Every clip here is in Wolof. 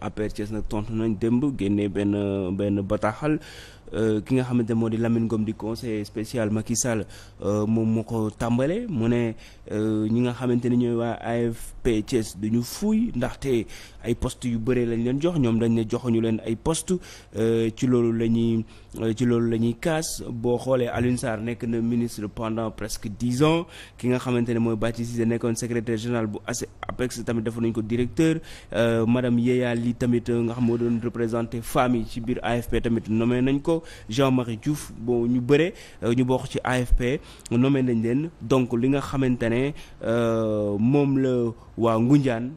APR Thiès nag tontu nañ démb génne benn benn bataaxal Euh, ki nga xamante moo di Lamine Ngom di conseiller spécial Macky Sall euh, moom moo ko tàmbale mu ne euh, ñi nga xamante ni ñooy waa AFP Thiès duñu fuuy ndaxte ay poste yu bëree lañ leen jox ñoom dañ ne joxuñu leen ay poste ci loolu la ñuy ci loolu la ñuy kaas boo xoolee Alioune Sarr nekk na ministre pendant presque dix ans ki nga xamante ne mooy Bathie Cissé nekkoon secrétaire général bu APEX e-, tamit defoon nañ ko directeur madame Yéya Ly tamit nga xam moo doon représenté femmes yi ci biir AFP tamit nommé nañ ko Diallo Jean-Marie Diouf bon ñu bëre euh, ñu bokk ci AFP nommé nañ leen donc li nga xamante ne euh, moom la waa ngujaan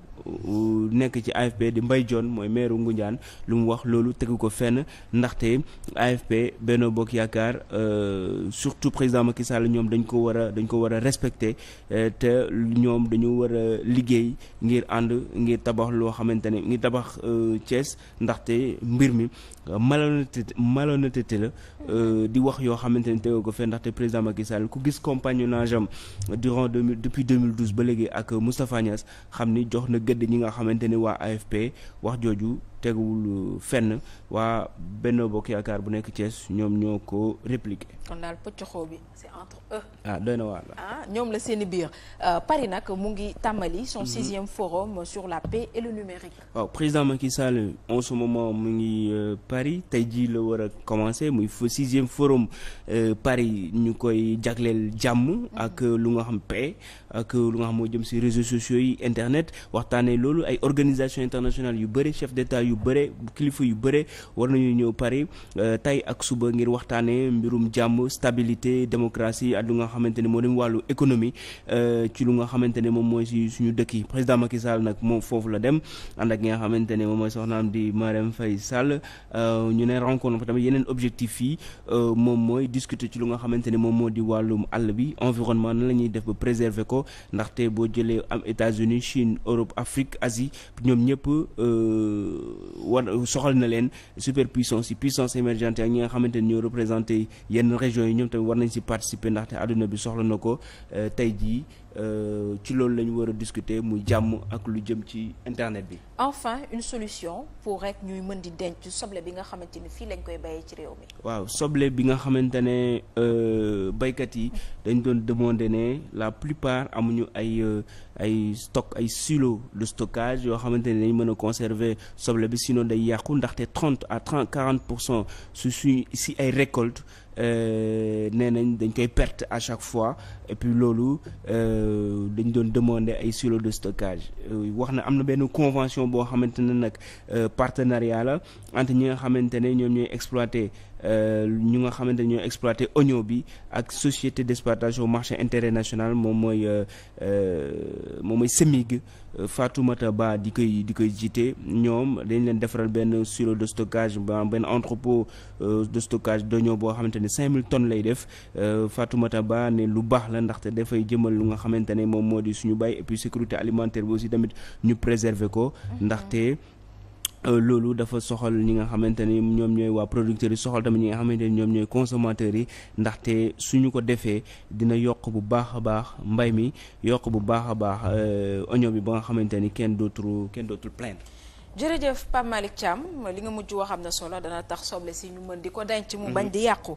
nekk ci AFP di Mbaye Dione mooy maire Ngoundiane lu mu wax loolu tegu ko fenn ndaxte AFP benn Bokk Yaakaar euh, surtout président Macky ñoom dañ ko war a dañ ko war a respecter euh, te ñoom dañu war a liggéey ngir ànd ngir tabax loo xamante ne ngir tabax euh, Thiès ndaxte mbir mi malhonnêteté malhonnêteté la di wax yoo xamante ne tegu ko fenn ndaxte président Macky Sall ku gis compagnonnage am durant depuis 2012 ba léegi ak Moustapha Niass xam ni jox na gëdd ñi nga xamante ne waa AFP wax jooju teguwul euh, fenn waa benn Bokk Yaakaar bu nekk Thiès ñoom ñoo ko répliqué. kon daal pëccoxoo bi c'est entre eux. ah doy na ah, ñoom la seen i biir euh, Paris nag mu ngi tàmbali son mhm. sixième forum sur la paix et le numérique. waaw président Macky Sall en ce moment mu ngi euh, Paris tey jii la war a commencé muy sixième forum Paris ñu koy jagleel jàmm. Mhm. ak lu nga xam paix ak lu nga xam moo jëm si réseaux sociaux yi internet waxtaanee loolu ay organisations internationales yu bëri yu bëre kilifa yu bëre war nañu ñëw Paris euh, tey ak suba ngir waxtaanee mbirum jàmm stabilité démocratie ak lu nga xamante ne moo dem wàllu économie euh, ci lu nga xamante ne moom mooy si suñu dëkk yi président Macky Sall nag moom foofu la dem ànd ak ñi nga xamante ne moom mooy soxnaam di Marème Faye Sall euh, ñu ne rencontre tamit yeneen objectif yi moom mooy discuter ci lu nga xamante ne moom moo di wàllum àll bi environnement na la ñuy def ba préserver ko ndaxte boo jëlee am États-Unis Chine Europe Afrique war soxal na leen superpuissance yi puissance émergente ak ñi nga xamante ni ñoo représenté yenn régions yi ñoom tamit war nañ si participer ndaxte àdduna bi soxla na ko euh, tey jii Euh, ci loolu la ñu war a discuter muy jàmm ak lu jëm ci internet bi. enfin une solution pour rek ñuy mën di denc soble bi nga xamante ni fii lañ koy bayee ci réew mi. waaw soble bi nga xamante ne euh, baykat yi dañ doon demander ne la plupart amuñu ay euh, ay stock ay silos de stockage yoo xamante ne dañ mën a conserver soble bi sinon day yàqu ndaxte trente à trente quarante pour cent su suy si ay récoltes. Euh, nee nañ dañ koy perte à chaque fois et puis loolu euh, dañ doon demander ay silos de stockage euh, wax na am na benn convention boo xamante ne nag partenariat la entre ñi nga xamante ne ñoom ñuy exploiter. Euh, ñu nga xamante ñoo exploité oignon bi ak société d'exploitation marché international moom mooy euh, euh, moom mooy Semig faatumata Ba di koy di koy jiite ñoom dañ leen defaral benn silo de stockage benn entrepôt de stockage d'oignon boo xamante ne mille tonnes lay def Fatoumata Ba ne lu baax la ndaxte dafay jëmal lu nga xamante ne moom moo di suñu bàyyi et puis sécurité alimentaire bi si tamit ñu préserver ko mhm. ndaxte Euh, loolu dafa soxal ñi nga xamante ni ñoom ñooy waa producteurs yi soxal tamit ñi nga xamante ni ñoom ñooy consommateurs yi ndaxte suñu ko defee dina yokk bu baax a baax mbay mi yokk bu baax a baax euh, oignon bi ba nga xamante ni kenn dootul kenn dootul plaindre. jërëjëf Pape Malick Thiam li nga mujj wax am na solo dana tax soble si ñu mën di ko denc. mu mhm. bañ di yàqu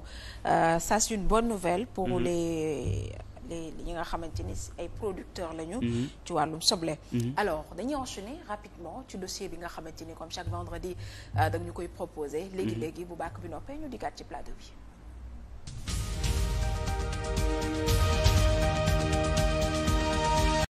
euh, ça c'est une bonne nouvelle pour mhm. les. les ñi nga xamante ni ay producteurs lañu. Mm-hmm. ci wàllum soble. Mm-hmm. alors dañuy enchaîner rapidement ci dossier bi nga xamante ni comme chaque vendredi euh, dañu koy proposer. Mm-hmm. léegi léegi bu bàkk bi noppee ñu dikkaat ci plateau bi.